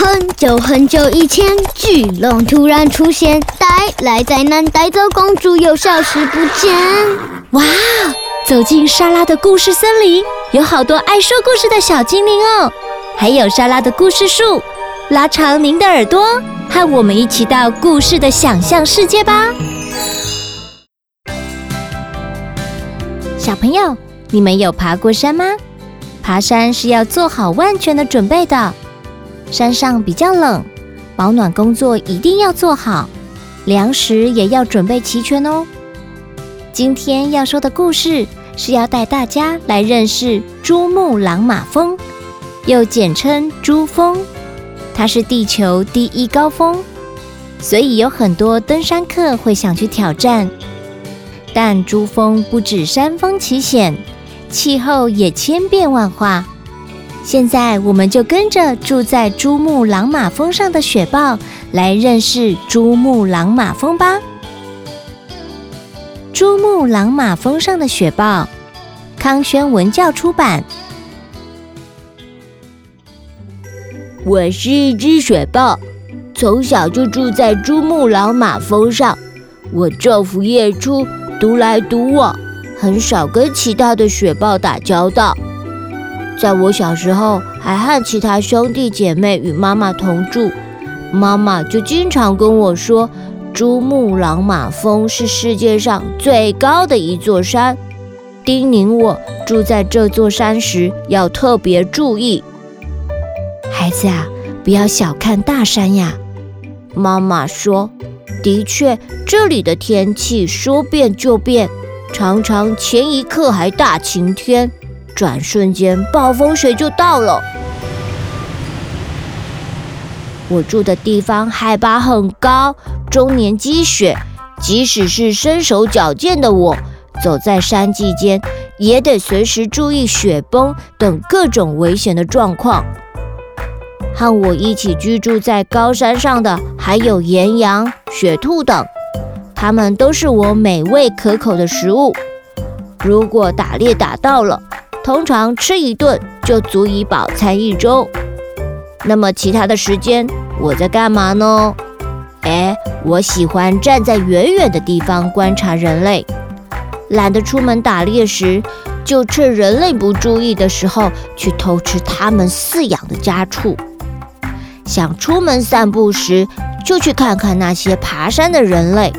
很久很久以前，巨龍突然出現，帶來災難，帶走公主，又消失不見。哇！走進莎拉的故事森林，有好多愛說故事的小精靈哦，還有莎拉的故事樹。拉長您的耳朵，和我們一起到故事的想象世界吧。小朋友，你們有爬過山嗎？爬山是要做好萬全的準備的。山上比較冷，保暖工作一定要做好，糧食也要準備齊全哦。今天要說的故事是要帶大家來認識珠穆朗瑪峰，又簡稱珠峰，它是地球第一高峰，所以有很多登山客會想去挑戰。但珠峰不止山峰奇險，氣候也千變萬化。現在，我們就跟着住在珠穆朗瑪峰上的雪豹來認識珠穆朗瑪峰吧。珠穆朗瑪峰上的雪豹，康軒文教出版。我是一隻雪豹，從小就住在珠穆朗瑪峰上。我晝伏夜出，獨來獨往，很少跟其他的雪豹打交道。在我小時候，還和其他兄弟姐妹與媽媽同住，媽媽就經常跟我說：“珠穆朗瑪峰是世界上最高的一座山，”叮嚀我住在這座山時要特別注意。孩子啊，不要小看大山呀！媽媽說：“的確，這裡的天氣說變就變，常常前一刻還大晴天。”轉瞬間，暴風雪就到了。我住的地方海拔很高，終年積雪。即使是身手矯健的我，走在山脊間，也得隨時注意雪崩等各種危險的狀況。和我一起居住在高山上的還有岩羊、雪兔等，它們都是我美味可口的食物。如果打獵打到了，通常吃一頓就足以飽餐一周。那麼其他的時間我在幹嘛呢？誒、哎，我喜歡站在遠遠的地方觀察人類。懶得出門打獵時，就趁人類不注意的時候去偷吃他們飼養的家畜。想出門散步時，就去看看那些爬山的人類。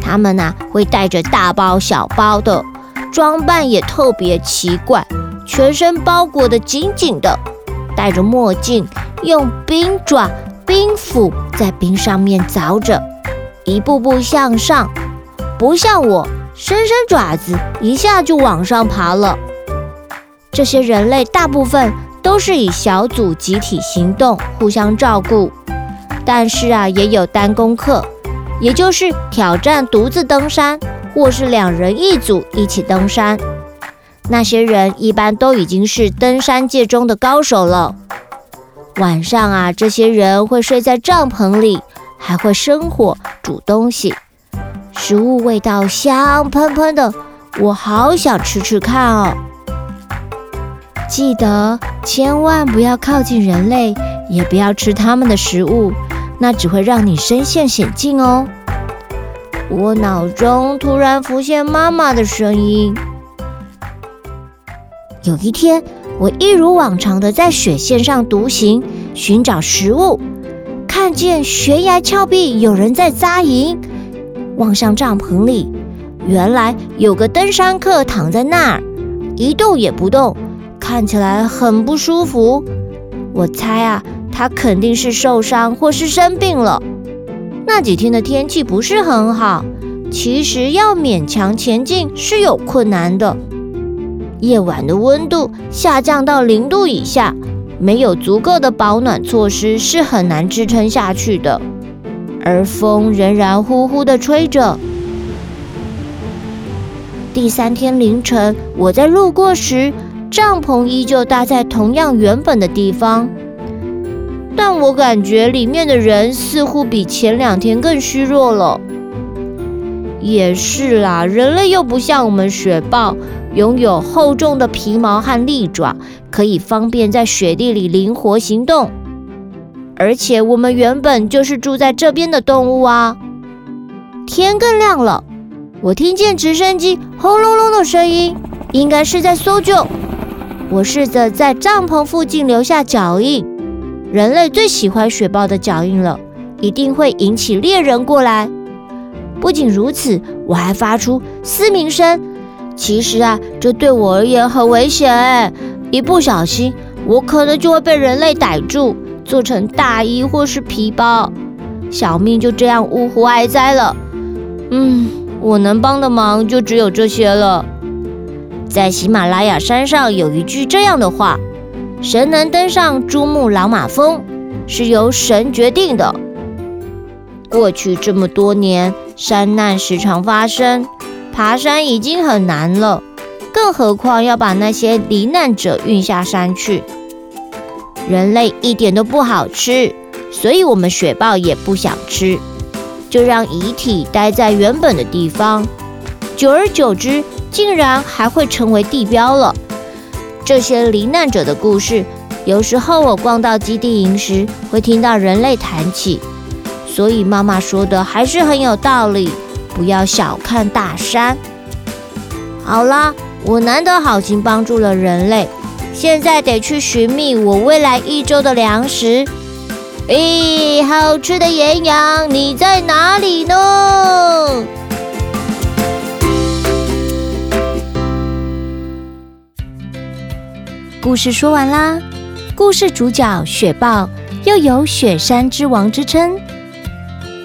他們吶，會帶着大包小包的。裝扮也特別奇怪，全身包裹得緊緊的，戴着墨鏡，用冰爪、冰斧在冰上面鑿着，一步步向上。不像我，伸伸爪子，一下就往上爬了。這些人類大部分都是以小組集體行動，互相照顧，但是啊，也有單攻客，也就是挑戰獨自登山。或是兩人一組一起登山，那些人一般都已經是登山界中的高手了。晚上啊，這些人會睡在帳篷裡，還會生火煮東西，食物味道香噴噴的，我好想吃吃看哦。記得千萬不要靠近人類，也不要吃他們的食物，那只會讓你身陷險境哦。我腦中突然浮現媽媽的聲音。有一天，我一如往常的在雪線上獨行，尋找食物，看見懸崖峭壁有人在紮營，望向帳篷裡，原來有個登山客躺在那兒，一動也不動，看起來很不舒服。我猜啊，他肯定是受傷或是生病了。那幾天的天氣不是很好，其實要勉強前進是有困難的。夜晚的溫度下降到零度以下，沒有足夠的保暖措施是很難支撐下去的。而風仍然呼呼地吹着。第三天凌晨，我在路過時，帳篷依舊搭在同樣原本的地方。但我感覺裡面的人似乎比前兩天更虛弱了。也是啦，人類又不像我們雪豹，擁有厚重的皮毛和利爪，可以方便在雪地裡靈活行動。而且我們原本就是住在這邊的動物啊。天更亮了，我聽見直升機轟隆隆的聲音，應該是在搜救。我試着在帳篷附近留下腳印。人類最喜歡雪豹的腳印了，一定會引起獵人過來。不僅如此，我還發出嘶鳴聲。其實啊，這對我而言很危險哎、欸，一不小心，我可能就會被人類逮住，做成大衣或是皮包，小命就這樣嗚呼哀哉了。嗯，我能幫的忙就只有這些了。在喜馬拉雅山上有一句這樣的話。神能登上珠穆朗瑪峰，是由神決定的。過去這麼多年，山難時常發生，爬山已經很難了，更何況要把那些罹難者運下山去。人類一點都不好吃，所以我們雪豹也不想吃，就讓遺體待在原本的地方。久而久之，竟然還會成為地標了。這些罹難者的故事，有時候我逛到基地營時會聽到人類談起，所以媽媽說的還是很有道理，不要小看大山。好啦，我難得好心幫助了人類，現在得去尋覓我未來一周的糧食。咦，好吃的岩羊，你在哪裡呢？故事說完啦。故事主角雪豹又有“雪山之王”之稱，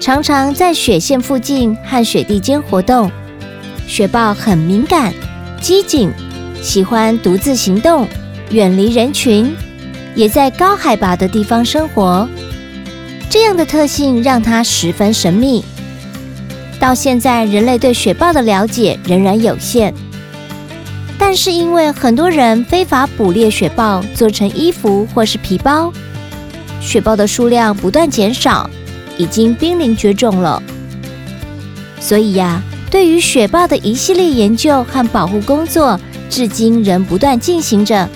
常常在雪線附近和雪地間活動。雪豹很敏感、機警，喜歡獨自行動，遠離人群，也在高海拔的地方生活。這樣的特性讓它十分神秘。到現在，人類對雪豹的了解仍然有限。但是因為很多人非法捕獵雪豹做成衣服或是皮包，雪豹的數量不斷減少，已經瀕臨絕種了。所以呀，對於雪豹的一系列研究和保護工作，至今仍不斷進行着。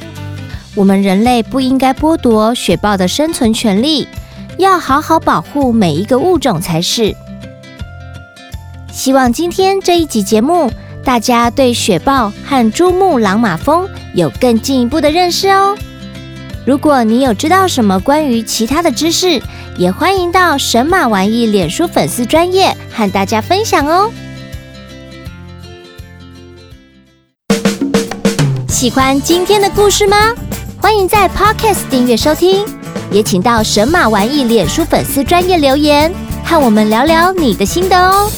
我們人類不應該剝奪雪豹的生存權利，要好好保護每一個物種才是。希望今天這一集節目，大家對雪豹和珠穆朗瑪峰有更進一步的認識哦。如果你有知道什麼關於其他的知識，也歡迎到神馬玩意臉書粉絲專頁和大家分享哦。喜歡今天的故事嗎？歡迎在 Podcast 訂閱收聽，也請到神馬玩意臉書粉絲專頁留言和我們聊聊你的心得哦。